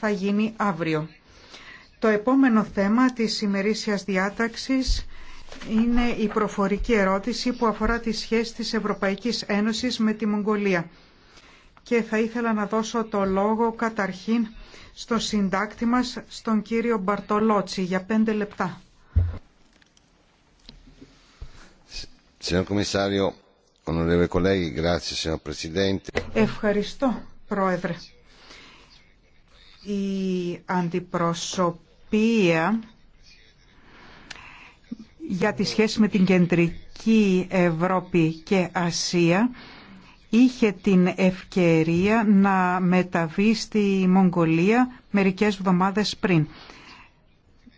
θα γίνει αύριο. Το επόμενο θέμα της ημερήσιας διάταξης είναι η προφορική ερώτηση που αφορά τη σχέση της Ευρωπαϊκής Ένωσης με τη Μογγολία. Και θα ήθελα να δώσω το λόγο καταρχήν στο συντάκτη μας, στον κύριο Μπαρτολότσι, για πέντε λεπτά. Ευχαριστώ, Πρόεδρε η αντιπροσωπεία για τη σχέση με την Κεντρική Ευρώπη και Ασία είχε την ευκαιρία να μεταβεί στη Μογγολία μερικές εβδομάδες πριν.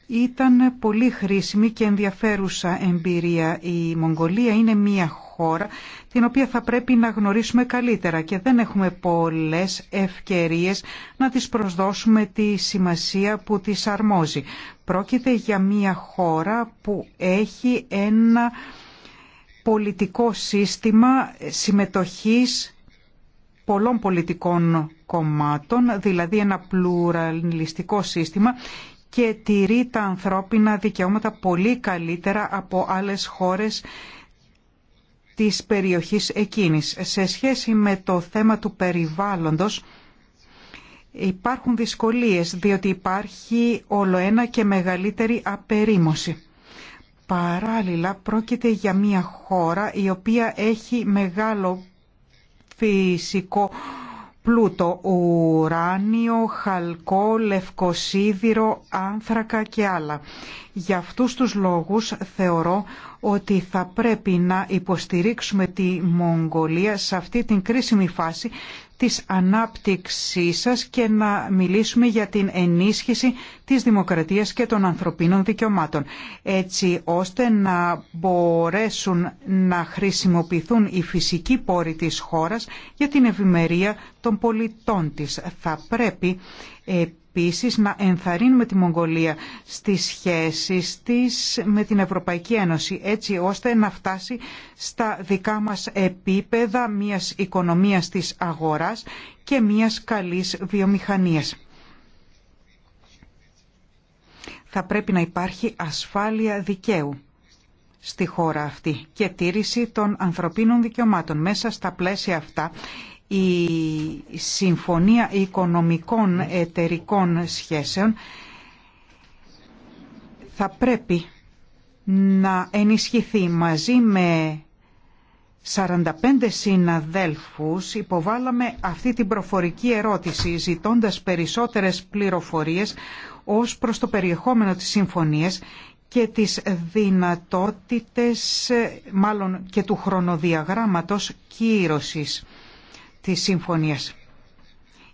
Ήταν πολύ χρήσιμη και ενδιαφέρουσα εμπειρία. Η Μογγολία είναι μια χώρα την οποία θα πρέπει να γνωρίσουμε καλύτερα και δεν έχουμε πολλές ευκαιρίες να τις προσδώσουμε τη σημασία που της αρμόζει. Πρόκειται για μια χώρα που έχει ένα πολιτικό σύστημα συμμετοχής πολλών πολιτικών κομμάτων, δηλαδή ένα πλουραλιστικό σύστημα και τηρεί τα ανθρώπινα δικαιώματα πολύ καλύτερα από άλλες χώρες της περιοχής εκείνης. Σε σχέση με το θέμα του περιβάλλοντος υπάρχουν δυσκολίες διότι υπάρχει όλο ένα και μεγαλύτερη απερίμωση. Παράλληλα πρόκειται για μια χώρα η οποία έχει μεγάλο φυσικό πλούτο, ουράνιο, χαλκό, λευκοσίδηρο, άνθρακα και άλλα. Για αυτούς τους λόγους θεωρώ ότι θα πρέπει να υποστηρίξουμε τη Μογγολία σε αυτή την κρίσιμη φάση της ανάπτυξής σας και να μιλήσουμε για την ενίσχυση της δημοκρατίας και των ανθρωπίνων δικαιωμάτων, έτσι ώστε να μπορέσουν να χρησιμοποιηθούν οι φυσικοί πόροι της χώρας για την ευημερία των πολιτών της. Θα πρέπει επίσης να ενθαρρύνουμε τη Μογγολία στις σχέσεις της με την Ευρωπαϊκή Ένωση έτσι ώστε να φτάσει στα δικά μας επίπεδα μιας οικονομίας της αγοράς και μιας καλής βιομηχανίας. Θα πρέπει να υπάρχει ασφάλεια δικαίου στη χώρα αυτή και τήρηση των ανθρωπίνων δικαιωμάτων. Μέσα στα πλαίσια αυτά η Συμφωνία Οικονομικών Εταιρικών Σχέσεων θα πρέπει να ενισχυθεί μαζί με 45 συναδέλφους υποβάλαμε αυτή την προφορική ερώτηση ζητώντας περισσότερες πληροφορίες ως προς το περιεχόμενο της συμφωνίας και τις δυνατότητες, μάλλον και του χρονοδιαγράμματος κύρωσης της συμφωνίας.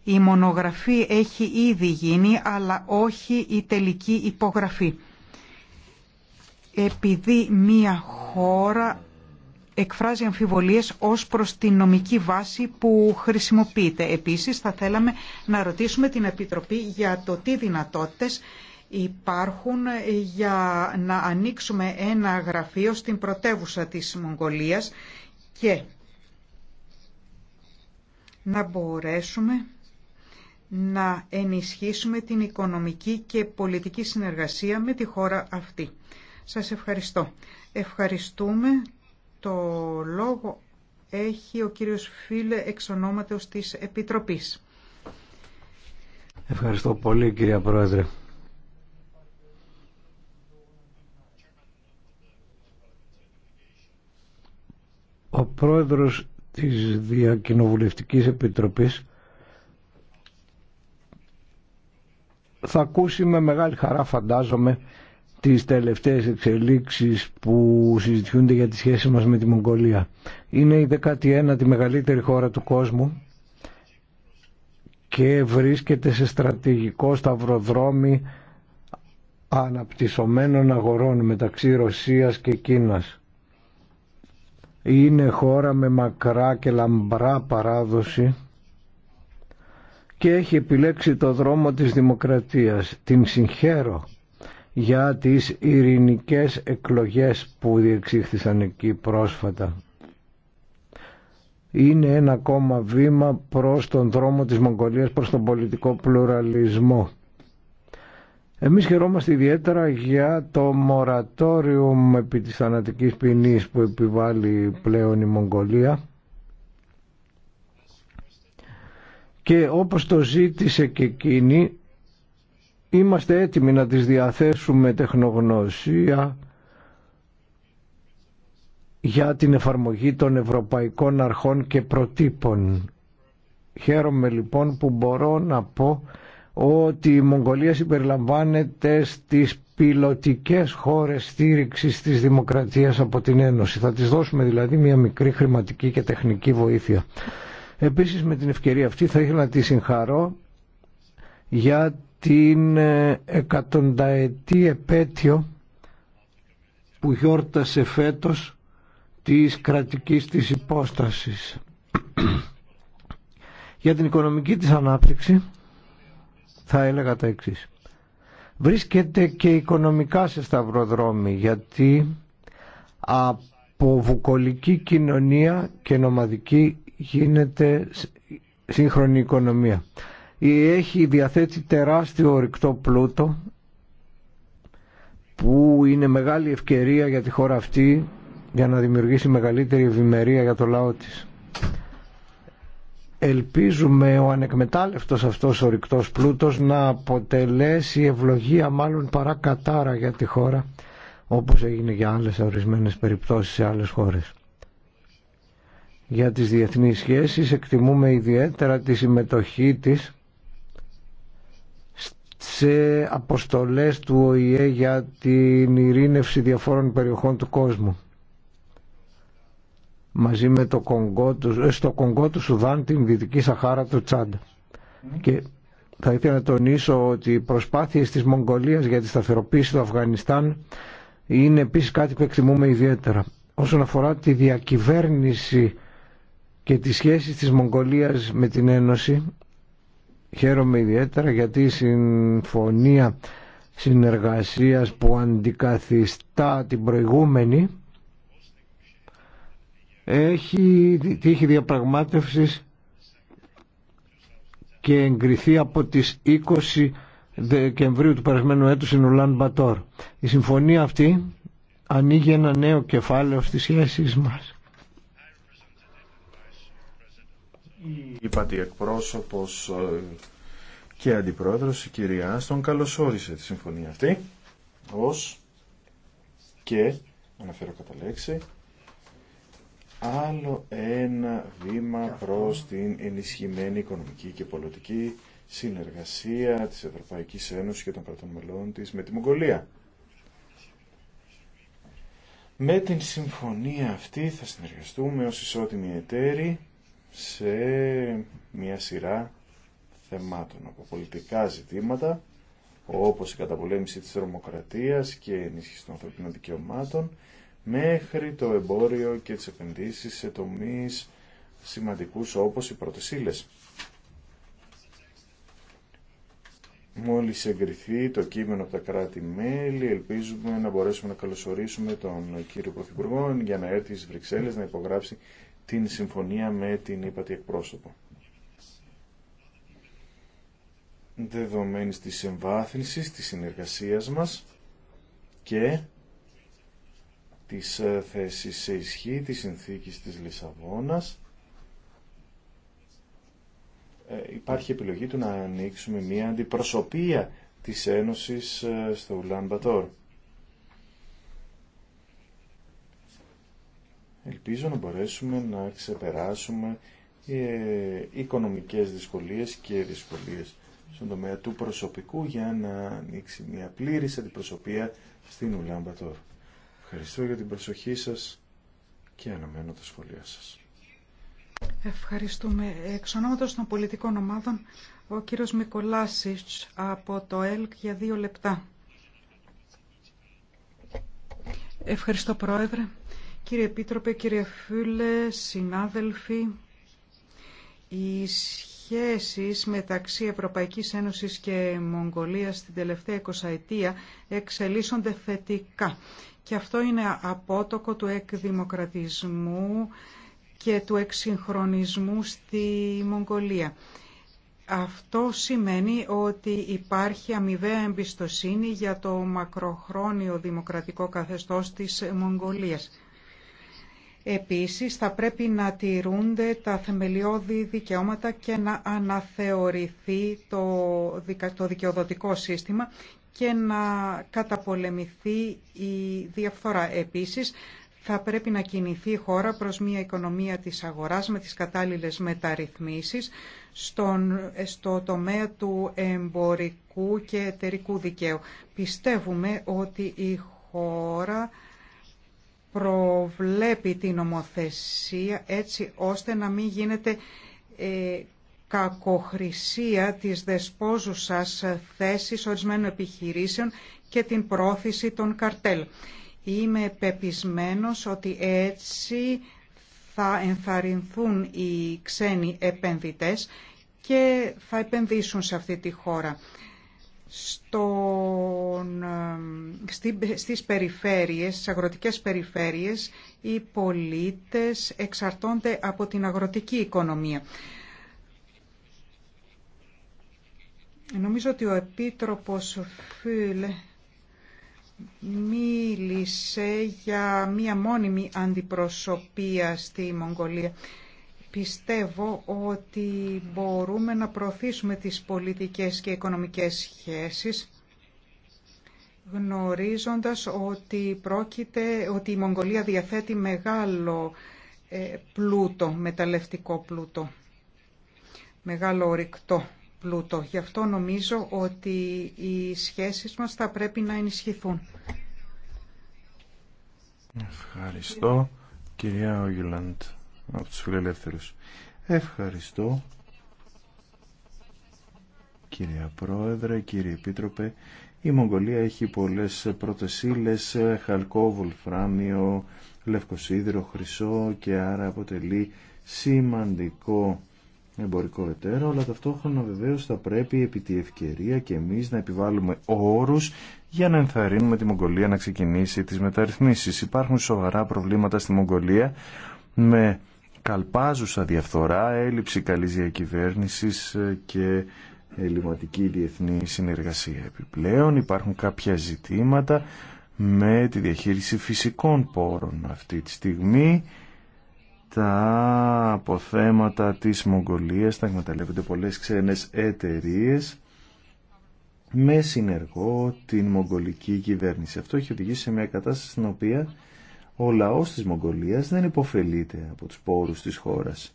Η μονογραφή έχει ήδη γίνει, αλλά όχι η τελική υπογραφή. Επειδή μία χώρα εκφράζει αμφιβολίες ως προς την νομική βάση που χρησιμοποιείται. Επίσης θα θέλαμε να ρωτήσουμε την Επιτροπή για το τι δυνατότητες υπάρχουν για να ανοίξουμε ένα γραφείο στην πρωτεύουσα της Μογγολίας και να μπορέσουμε να ενισχύσουμε την οικονομική και πολιτική συνεργασία με τη χώρα αυτή. Σας ευχαριστώ. Ευχαριστούμε. Το λόγο έχει ο κύριος Φίλε εξ της Επιτροπής. Ευχαριστώ πολύ κυρία Πρόεδρε. Ο πρόεδρος της Διακοινοβουλευτικής Επιτροπής θα ακούσει με μεγάλη χαρά φαντάζομαι τις τελευταίες εξελίξεις που συζητιούνται για τη σχέση μας με τη Μογγολία. Είναι η 19η μεγαλύτερη χώρα του κόσμου και βρίσκεται σε στρατηγικό σταυροδρόμι αναπτυσσομένων αγορών μεταξύ Ρωσίας και Κίνας είναι χώρα με μακρά και λαμπρά παράδοση και έχει επιλέξει το δρόμο της δημοκρατίας. Την συγχαίρω για τις ειρηνικές εκλογές που διεξήχθησαν εκεί πρόσφατα. Είναι ένα ακόμα βήμα προς τον δρόμο της Μογγολίας, προς τον πολιτικό πλουραλισμό. Εμείς χαιρόμαστε ιδιαίτερα για το μορατόριο επί της θανατικής ποινής που επιβάλλει πλέον η Μογγολία και όπως το ζήτησε και εκείνη είμαστε έτοιμοι να της διαθέσουμε τεχνογνωσία για την εφαρμογή των ευρωπαϊκών αρχών και προτύπων. Χαίρομαι λοιπόν που μπορώ να πω ότι η Μογγολία συμπεριλαμβάνεται στις πιλωτικές χώρες στήριξης της δημοκρατίας από την Ένωση. Θα τις δώσουμε δηλαδή μια μικρή χρηματική και τεχνική βοήθεια. Επίσης με την ευκαιρία αυτή θα ήθελα να τη συγχαρώ για την ε, εκατονταετή επέτειο που γιόρτασε φέτος της κρατικής της υπόστασης. για την οικονομική της ανάπτυξη θα έλεγα τα εξή. Βρίσκεται και οικονομικά σε σταυροδρόμι γιατί από βουκολική κοινωνία και νομαδική γίνεται σύγχρονη οικονομία. Έχει διαθέτει τεράστιο ορυκτό πλούτο που είναι μεγάλη ευκαιρία για τη χώρα αυτή για να δημιουργήσει μεγαλύτερη ευημερία για το λαό της. Ελπίζουμε ο ανεκμετάλλευτος αυτός ο ρηκτός πλούτος να αποτελέσει ευλογία μάλλον παρά κατάρα για τη χώρα όπως έγινε για άλλες ορισμένες περιπτώσεις σε άλλες χώρες. Για τις διεθνείς σχέσεις εκτιμούμε ιδιαίτερα τη συμμετοχή της σε αποστολές του ΟΗΕ για την ειρήνευση διαφόρων περιοχών του κόσμου μαζί με το Κονγκό, ε, στο Κονγκό του Σουδάν, την Δυτική Σαχάρα του Τσάντα. Ναι. Και θα ήθελα να τονίσω ότι οι προσπάθειες της Μογγολίας για τη σταθεροποίηση του Αφγανιστάν είναι επίσης κάτι που εκτιμούμε ιδιαίτερα. Όσον αφορά τη διακυβέρνηση και τις σχέσεις της Μογγολίας με την Ένωση, χαίρομαι ιδιαίτερα γιατί η συμφωνία συνεργασίας που αντικαθιστά την προηγούμενη έχει τύχει διαπραγμάτευσης και εγκριθεί από τις 20 Δεκεμβρίου του περασμένου έτους στην Ουλάν Μπατόρ. Η συμφωνία αυτή ανοίγει ένα νέο κεφάλαιο στις σχέσεις μας. Είπατε εκπρόσωπος ε, και αντιπρόεδρος η κυρία Άστον καλωσόρισε τη συμφωνία αυτή ως και αναφέρω κατά λέξη άλλο ένα βήμα προς την ενισχυμένη οικονομική και πολιτική συνεργασία της Ευρωπαϊκής Ένωσης και των κρατών μελών της με τη Μογγολία. Με την συμφωνία αυτή θα συνεργαστούμε ως ισότιμοι εταίροι σε μια σειρά θεμάτων από πολιτικά ζητήματα όπως η καταπολέμηση της τρομοκρατίας και ενίσχυση των ανθρωπίνων δικαιωμάτων μέχρι το εμπόριο και τις επενδύσεις σε τομείς σημαντικούς όπως οι πρώτες ύλες. Μόλις εγκριθεί το κείμενο από τα κράτη-μέλη, ελπίζουμε να μπορέσουμε να καλωσορίσουμε τον κύριο Πρωθυπουργό για να έρθει στις Βρυξέλλες να υπογράψει την συμφωνία με την ύπατη εκπρόσωπο. Δεδομένης της εμβάθυνσης της συνεργασίας μας και της ε, θέσης σε ισχύ της συνθήκης της Λισαβόνας ε, υπάρχει επιλογή του να ανοίξουμε μία αντιπροσωπεία της Ένωσης ε, στο Ουλάν Μπατόρ. Ελπίζω να μπορέσουμε να ξεπεράσουμε οι οικονομικές δυσκολίες και δυσκολίες στον τομέα του προσωπικού για να ανοίξει μια πλήρης αντιπροσωπεία στην Ουλάν Μπατόρ. Ευχαριστώ για την προσοχή σας και αναμένω τα σχολεία σας. Ευχαριστούμε. Εξ ονόματος των πολιτικών ομάδων, ο κύριος Μικολάσης από το ΕΛΚ για δύο λεπτά. Ευχαριστώ Πρόεδρε. Κύριε Επίτροπε, κύριε Φίλε, συνάδελφοι, η σχέσεις μεταξύ Ευρωπαϊκής Ένωσης και Μογγολίας την τελευταία εικοσαετία εξελίσσονται θετικά. Και αυτό είναι απότοκο του εκδημοκρατισμού και του εξυγχρονισμού στη Μογγολία. Αυτό σημαίνει ότι υπάρχει αμοιβαία εμπιστοσύνη για το μακροχρόνιο δημοκρατικό καθεστώς της Μογγολίας. Επίσης, θα πρέπει να τηρούνται τα θεμελιώδη δικαιώματα και να αναθεωρηθεί το δικαιοδοτικό σύστημα και να καταπολεμηθεί η διαφθορά. Επίσης, θα πρέπει να κινηθεί η χώρα προς μια οικονομία της αγοράς με τις κατάλληλες μεταρρυθμίσεις στον, στο τομέα του εμπορικού και εταιρικού δικαίου. Πιστεύουμε ότι η χώρα Βλέπει την νομοθεσία έτσι ώστε να μην γίνεται ε, κακοχρησία της δεσπόζουσας θέσης ορισμένων επιχειρήσεων και την πρόθεση των καρτέλ. Είμαι πεπισμένος ότι έτσι θα ενθαρρυνθούν οι ξένοι επενδυτές και θα επενδύσουν σε αυτή τη χώρα στον, ε, στις περιφέρειες, στις αγροτικές περιφέρειες, οι πολίτες εξαρτώνται από την αγροτική οικονομία. Νομίζω ότι ο Επίτροπος Φιλ μίλησε για μία μόνιμη αντιπροσωπεία στη Μογγολία Πιστεύω ότι μπορούμε να προωθήσουμε τις πολιτικές και οικονομικές σχέσεις γνωρίζοντας ότι, πρόκειται, ότι η Μογγολία διαθέτει μεγάλο ε, πλούτο, μεταλλευτικό πλούτο, μεγάλο ορυκτό πλούτο. Γι' αυτό νομίζω ότι οι σχέσεις μας θα πρέπει να ενισχυθούν. Ευχαριστώ, κυρία Ογιουλάντ από τους φιλελεύθερους. Ευχαριστώ. Κυρία Πρόεδρε, κύριε Επίτροπε, η Μογγολία έχει πολλές πρώτες ύλες, χαλκό, βουλφράμιο, λευκοσίδρο, χρυσό και άρα αποτελεί σημαντικό εμπορικό εταίρο, αλλά ταυτόχρονα βεβαίως θα πρέπει επί τη ευκαιρία και εμείς να επιβάλλουμε όρους για να ενθαρρύνουμε τη Μογγολία να ξεκινήσει τις μεταρρυθμίσεις. Υπάρχουν σοβαρά προβλήματα στη Μογγολία με καλπάζουσα διαφθορά, έλλειψη καλής διακυβέρνησης ε, και ελληματική διεθνή συνεργασία. Επιπλέον υπάρχουν κάποια ζητήματα με τη διαχείριση φυσικών πόρων αυτή τη στιγμή. Τα αποθέματα της Μογγολίας θα εκμεταλλεύονται πολλές ξένες εταιρείε με συνεργό την μογγολική κυβέρνηση. Αυτό έχει οδηγήσει σε μια κατάσταση στην οποία ο λαός της Μογγολίας δεν υποφελείται από τους πόρους της χώρας.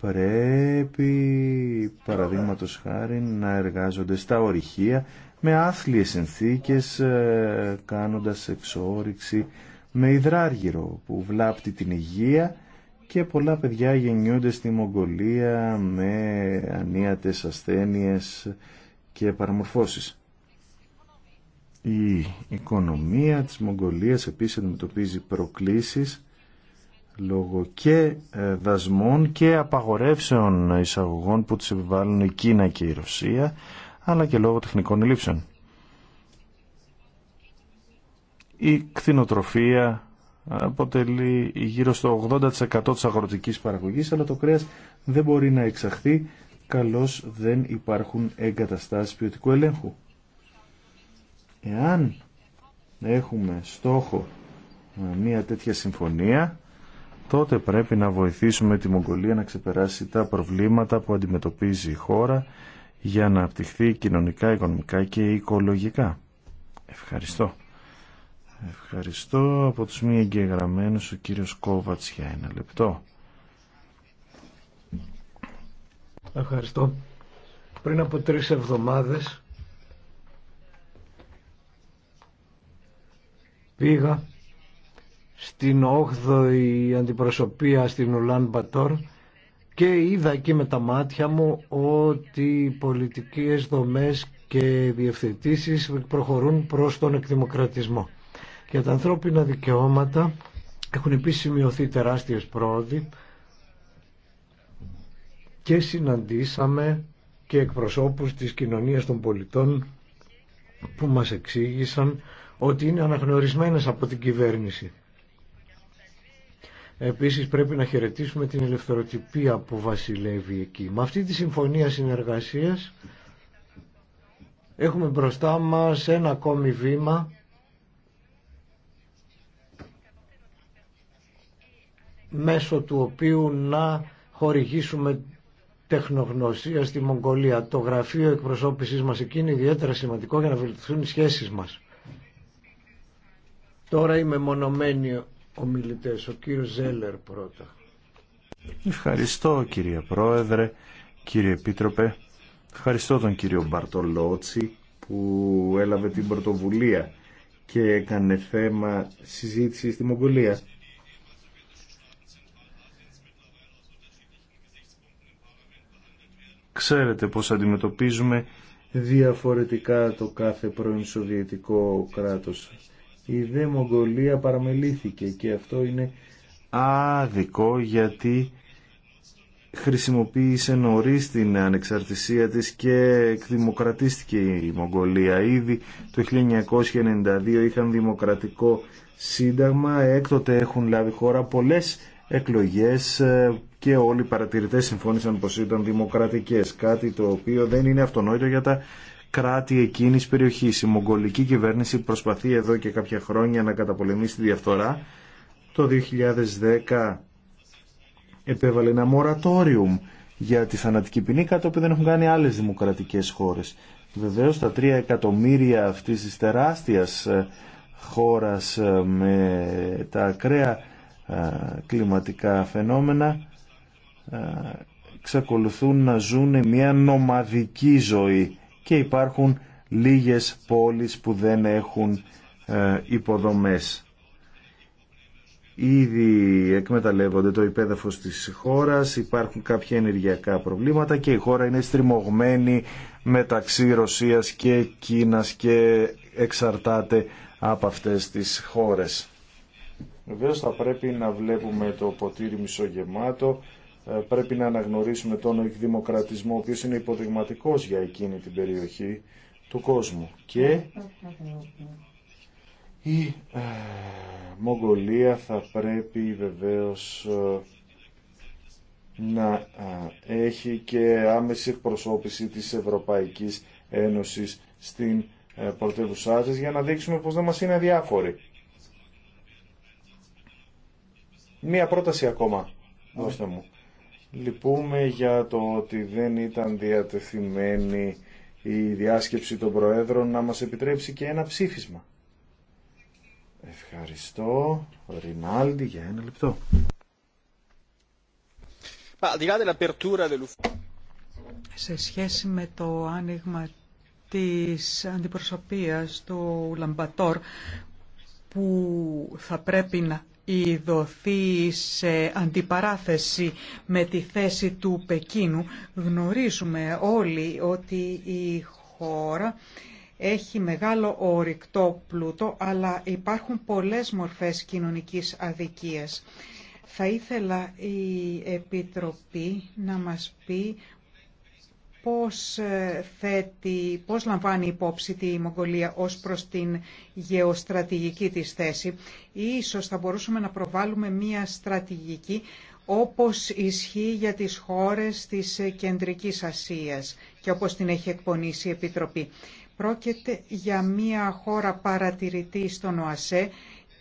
Πρέπει, παραδείγματο χάρη, να εργάζονται στα ορυχεία με άθλιες συνθήκες, ε, κάνοντας εξόριξη με υδράργυρο που βλάπτει την υγεία και πολλά παιδιά γεννιούνται στη Μογγολία με ανίατες ασθένειες και παραμορφώσεις. Η οικονομία της Μογγολίας επίσης αντιμετωπίζει προκλήσεις λόγω και ε, δασμών και απαγορεύσεων εισαγωγών που τις επιβάλλουν η Κίνα και η Ρωσία αλλά και λόγω τεχνικών ελλείψεων. Η κτηνοτροφία αποτελεί γύρω στο 80% της αγροτικής παραγωγής αλλά το κρέας δεν μπορεί να εξαχθεί καλώς δεν υπάρχουν εγκαταστάσεις ποιοτικού ελέγχου. Εάν έχουμε στόχο ε, μια τέτοια συμφωνία, τότε πρέπει να βοηθήσουμε τη Μογγολία να ξεπεράσει τα προβλήματα που αντιμετωπίζει η χώρα για να απτυχθεί κοινωνικά, οικονομικά και οικολογικά. Ευχαριστώ. Ευχαριστώ από τους μη εγγεγραμμένους ο κύριος Κόβατς για ένα λεπτό. Ευχαριστώ. Πριν από τρεις εβδομάδες πήγα στην 8η αντιπροσωπεία στην Ουλάν Μπατόρ και είδα εκεί με τα μάτια μου ότι οι πολιτικές δομές και διευθετήσεις προχωρούν προς τον εκδημοκρατισμό. Για τα ανθρώπινα δικαιώματα έχουν επίσης σημειωθεί τεράστιες πρόοδοι και συναντήσαμε και εκπροσώπους της κοινωνίας των πολιτών που μας εξήγησαν ότι είναι αναγνωρισμένες από την κυβέρνηση. Επίσης πρέπει να χαιρετήσουμε την ελευθεροτυπία που βασιλεύει εκεί. Με αυτή τη συμφωνία συνεργασίας έχουμε μπροστά μας ένα ακόμη βήμα μέσω του οποίου να χορηγήσουμε τεχνογνωσία στη Μογγολία. Το γραφείο εκπροσώπησής μας εκεί είναι ιδιαίτερα σημαντικό για να βελτιωθούν οι σχέσεις μας. Τώρα είμαι μονομένοι ομιλητέ. ο κύριος Ζέλερ πρώτα. Ευχαριστώ κύριε Πρόεδρε, κύριε Επίτροπε. Ευχαριστώ τον κύριο Μπαρτολότσι που έλαβε την πρωτοβουλία και έκανε θέμα συζήτηση στη Μογγολία. Ξέρετε πώς αντιμετωπίζουμε διαφορετικά το κάθε πρώην Σοβιετικό κράτος η δε Μογγολία παραμελήθηκε και αυτό είναι άδικο γιατί χρησιμοποίησε νωρί την ανεξαρτησία της και εκδημοκρατίστηκε η Μογγολία. Ήδη το 1992 είχαν δημοκρατικό σύνταγμα, έκτοτε έχουν λάβει χώρα πολλές εκλογές ε, και όλοι οι παρατηρητές συμφώνησαν πως ήταν δημοκρατικές, κάτι το οποίο δεν είναι αυτονόητο για τα κράτη εκείνης περιοχή. περιοχής. Η μογγολική κυβέρνηση προσπαθεί εδώ και κάποια χρόνια να καταπολεμήσει τη διαφθορά. Το 2010 επέβαλε ένα μορατόριουμ για τη θανατική ποινή, κάτι που δεν έχουν κάνει άλλες δημοκρατικές χώρες. Βεβαίω τα 3 εκατομμύρια αυτή τη τεράστια ε, χώρα ε, με τα ακραία ε, κλιματικά φαινόμενα εξακολουθούν να ζουν μια νομαδική ζωή και υπάρχουν λίγες πόλεις που δεν έχουν ε, υποδομές. Ήδη εκμεταλλεύονται το υπέδαφος της χώρας, υπάρχουν κάποια ενεργειακά προβλήματα και η χώρα είναι στριμωγμένη μεταξύ Ρωσίας και Κίνας και εξαρτάται από αυτές τις χώρες. Βεβαίως θα πρέπει να βλέπουμε το ποτήρι μισογεμάτο ε, πρέπει να αναγνωρίσουμε τον εκδημοκρατισμό, ο οποίος είναι υποδειγματικός για εκείνη την περιοχή του κόσμου. Και η ε, Μογγολία θα πρέπει βεβαίως ε, να έχει και άμεση εκπροσώπηση της Ευρωπαϊκής Ένωσης στην πρωτεύουσά για να δείξουμε πως δεν μας είναι διάφοροι. Μία πρόταση ακόμα, δώστε μου. Λυπούμε για το ότι δεν ήταν διατεθειμένη η διάσκεψη των Προέδρων να μας επιτρέψει και ένα ψήφισμα. Ευχαριστώ. Ρινάλντι για ένα λεπτό. Σε σχέση με το άνοιγμα της αντιπροσωπείας του Λαμπατόρ που θα πρέπει να δοθή σε αντιπαράθεση με τη θέση του Πεκίνου. Γνωρίζουμε όλοι ότι η χώρα έχει μεγάλο ορυκτό πλούτο, αλλά υπάρχουν πολλές μορφές κοινωνικής αδικίας. Θα ήθελα η Επιτροπή να μας πει πώς, ε, θέτει, πώς λαμβάνει υπόψη τη Μογγολία ως προς την γεωστρατηγική της θέση. Ίσως θα μπορούσαμε να προβάλλουμε μία στρατηγική όπως ισχύει για τις χώρες της Κεντρικής Ασίας και όπως την έχει εκπονήσει η Επιτροπή. Πρόκειται για μία χώρα παρατηρητή στον ΟΑΣΕ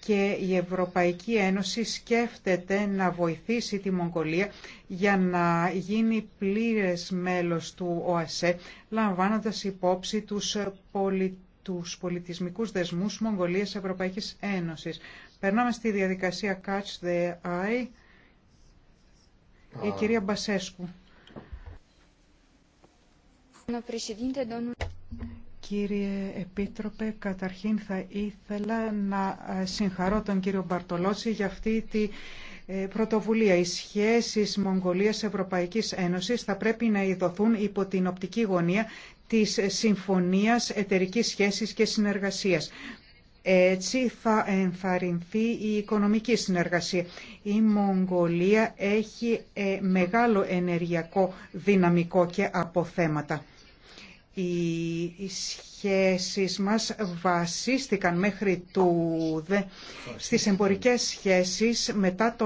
και η Ευρωπαϊκή Ένωση σκέφτεται να βοηθήσει τη Μογγολία για να γίνει πλήρες μέλος του ΟΑΣΕ, λαμβάνοντας υπόψη τους, πολι... τους πολιτισμικούς δεσμούς Μογγολίας Ευρωπαϊκής Ένωσης. Περνάμε στη διαδικασία Catch the Eye. Η κυρία Μπασέσκου. Κύριε Επίτροπε, καταρχήν θα ήθελα να ε, συγχαρώ τον κύριο Μπαρτολότσι για αυτή τη ε, πρωτοβουλία. Οι σχέσεις Μογγολίας-Ευρωπαϊκής Ένωσης θα πρέπει να ειδωθούν υπό την οπτική γωνία της Συμφωνίας Εταιρικής Σχέσης και Συνεργασίας. Έτσι θα ενθαρρυνθεί η οικονομική συνεργασία. Η Μογγολία έχει ε, μεγάλο ενεργειακό δυναμικό και αποθέματα οι σχέσεις μας βασίστηκαν μέχρι δε στις εμπορικές σχέσεις μετά το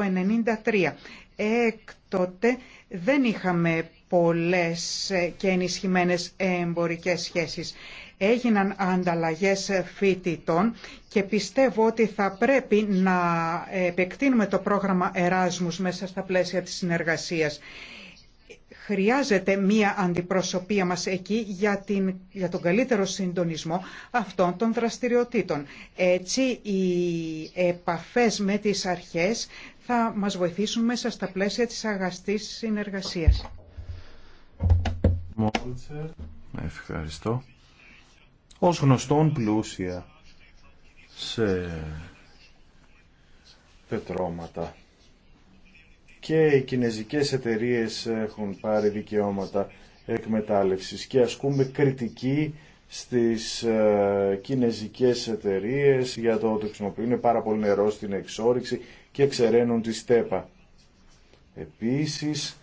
1993. Έκτοτε δεν είχαμε πολλές και ενισχυμένες εμπορικές σχέσεις. Έγιναν ανταλλαγές φοιτητών και πιστεύω ότι θα πρέπει να επεκτείνουμε το πρόγραμμα Εράσμους μέσα στα πλαίσια της συνεργασίας. Χρειάζεται μία αντιπροσωπεία μας εκεί για, την, για τον καλύτερο συντονισμό αυτών των δραστηριοτήτων. Έτσι οι επαφές με τις αρχές θα μας βοηθήσουν μέσα στα πλαίσια της αγαστής συνεργασίας. Ευχαριστώ. Ως γνωστόν πλούσια σε πετρώματα και οι κινέζικες εταιρείες έχουν πάρει δικαιώματα εκμετάλλευσης και ασκούμε κριτική στις ε, κινέζικες εταιρείες για το ότι χρησιμοποιούν πάρα πολύ νερό στην εξόριξη και εξεραίνουν τη στέπα. Επίσης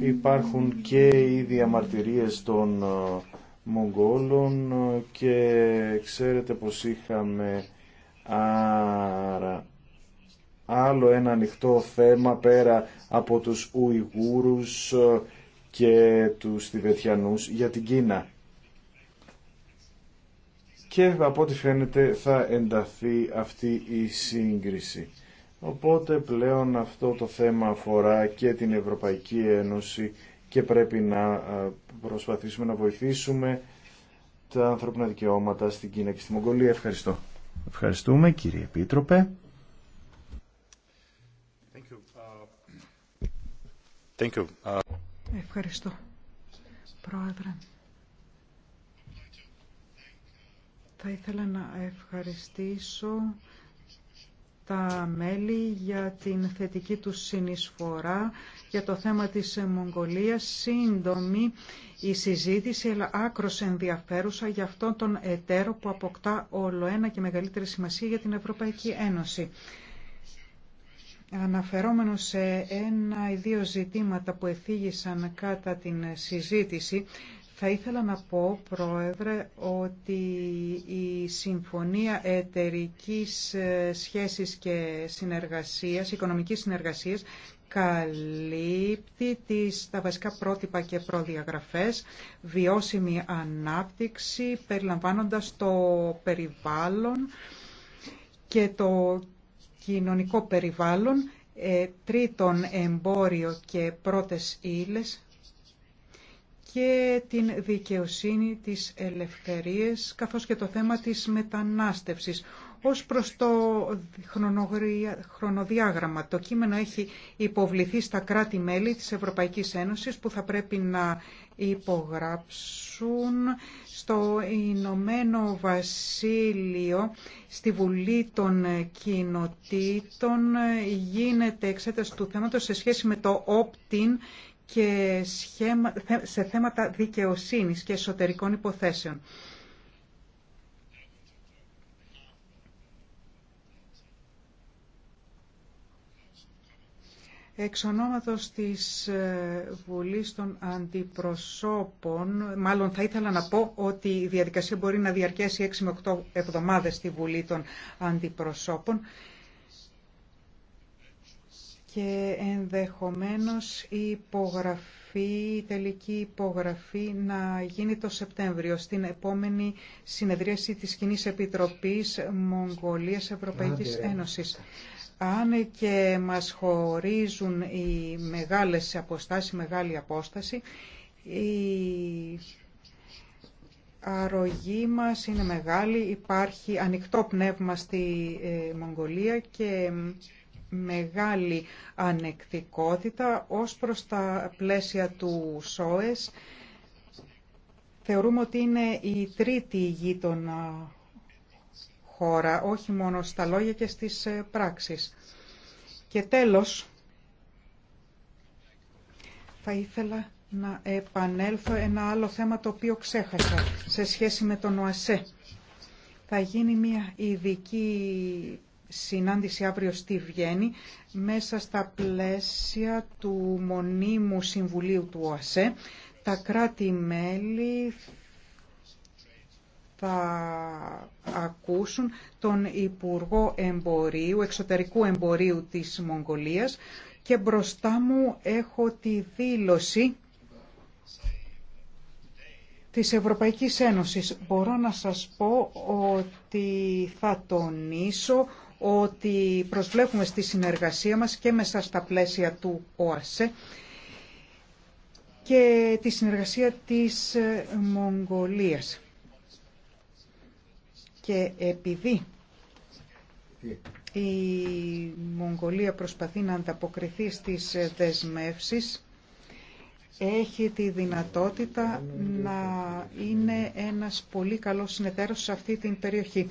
υπάρχουν και οι διαμαρτυρίες των ε, Μογγόλων και ξέρετε πως είχαμε Άρα άλλο ένα ανοιχτό θέμα πέρα από τους Ουιγούρους ε, και τους Τιβετιανούς για την Κίνα. Και από ό,τι φαίνεται θα ενταθεί αυτή η σύγκριση. Οπότε πλέον αυτό το θέμα αφορά και την Ευρωπαϊκή Ένωση και πρέπει να ε, προσπαθήσουμε να βοηθήσουμε τα ανθρώπινα δικαιώματα στην Κίνα και στη Μογγολία. Ευχαριστώ. Ευχαριστούμε κύριε Επίτροπε. Uh, Ευχαριστώ, Πρόεδρε. Θα ήθελα να ευχαριστήσω τα μέλη για την θετική του συνεισφορά για το θέμα της Μογγολίας. Σύντομη η συζήτηση, αλλά άκρο ενδιαφέρουσα για αυτόν τον εταίρο που αποκτά όλο ένα και μεγαλύτερη σημασία για την Ευρωπαϊκή Ένωση. Αναφερόμενο σε ένα ή δύο ζητήματα που εθίγησαν κατά την συζήτηση, θα ήθελα να πω, Πρόεδρε, ότι η Συμφωνία Εταιρικής ε, Σχέσης και Συνεργασίας, Οικονομικής Συνεργασίας, καλύπτει τις, τα βασικά πρότυπα και προδιαγραφές, βιώσιμη ανάπτυξη, περιλαμβάνοντας το περιβάλλον και το κοινωνικό περιβάλλον, ε, τρίτον εμπόριο και πρώτες ύλες, και την δικαιοσύνη, της ελευθερίας, καθώς και το θέμα της μετανάστευσης. Ως προς το χρονοδιάγραμμα, το κείμενο έχει υποβληθεί στα κράτη-μέλη της Ευρωπαϊκής Ένωσης που θα πρέπει να υπογράψουν στο Ηνωμένο Βασίλειο, στη Βουλή των Κοινοτήτων, γίνεται εξέταση του θέματος σε σχέση με το opt και σε θέματα δικαιοσύνης και εσωτερικών υποθέσεων. Εξ ονόματος της ε, Βουλής των Αντιπροσώπων, μάλλον θα ήθελα να πω ότι η διαδικασία μπορεί να διαρκέσει 6 με 8 εβδομάδες στη Βουλή των Αντιπροσώπων και ενδεχομένως η υπογραφή, η τελική υπογραφή να γίνει το Σεπτέμβριο στην επόμενη συνεδρίαση της κοινή Επιτροπής Μογγολίας Ευρωπαϊκής Ένωσης. Αν και μας χωρίζουν οι μεγάλες αποστάσεις, μεγάλη απόσταση, η αρρωγή μας είναι μεγάλη, υπάρχει ανοιχτό πνεύμα στη ε, Μογγολία και μεγάλη ανεκτικότητα ως προς τα πλαίσια του ΣΟΕΣ. Θεωρούμε ότι είναι η τρίτη γείτονα χώρα, όχι μόνο στα λόγια και στις ε, πράξεις. Και τέλος, θα ήθελα να επανέλθω ένα άλλο θέμα το οποίο ξέχασα σε σχέση με τον ΟΑΣΕ. Θα γίνει μια ειδική συνάντηση αύριο στη Βιέννη μέσα στα πλαίσια του Μονίμου Συμβουλίου του ΟΑΣΕ. Τα κράτη-μέλη θα ακούσουν τον Υπουργό Εμπορίου, Εξωτερικού Εμπορίου της Μογγολίας και μπροστά μου έχω τη δήλωση της Ευρωπαϊκής Ένωσης. Μπορώ να σας πω ότι θα τονίσω ότι προσβλέπουμε στη συνεργασία μας και μέσα στα πλαίσια του ΟΑΣΕ και τη συνεργασία της ε, Μογγολίας. Και επειδή η Μογγολία προσπαθεί να ανταποκριθεί στις ε, δεσμεύσεις, έχει τη δυνατότητα να είναι ένας πολύ καλός συνεταίρος σε αυτή την περιοχή.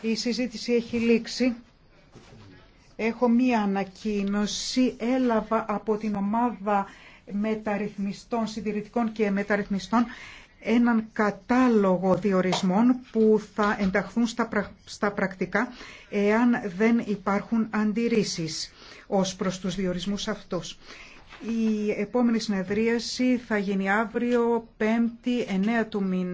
Η συζήτηση έχει λήξει. Έχω μία ανακοίνωση, έλαβα από την ομάδα μεταρρυθμιστών, συντηρητικών και μεταρρυθμιστών έναν κατάλογο διορισμών που θα ενταχθούν στα, πρακτικά εάν δεν υπάρχουν αντιρρήσεις ως προς τους διορισμούς αυτούς. Η επόμενη συνεδρίαση θα γίνει αύριο 5η 9 του μήνα.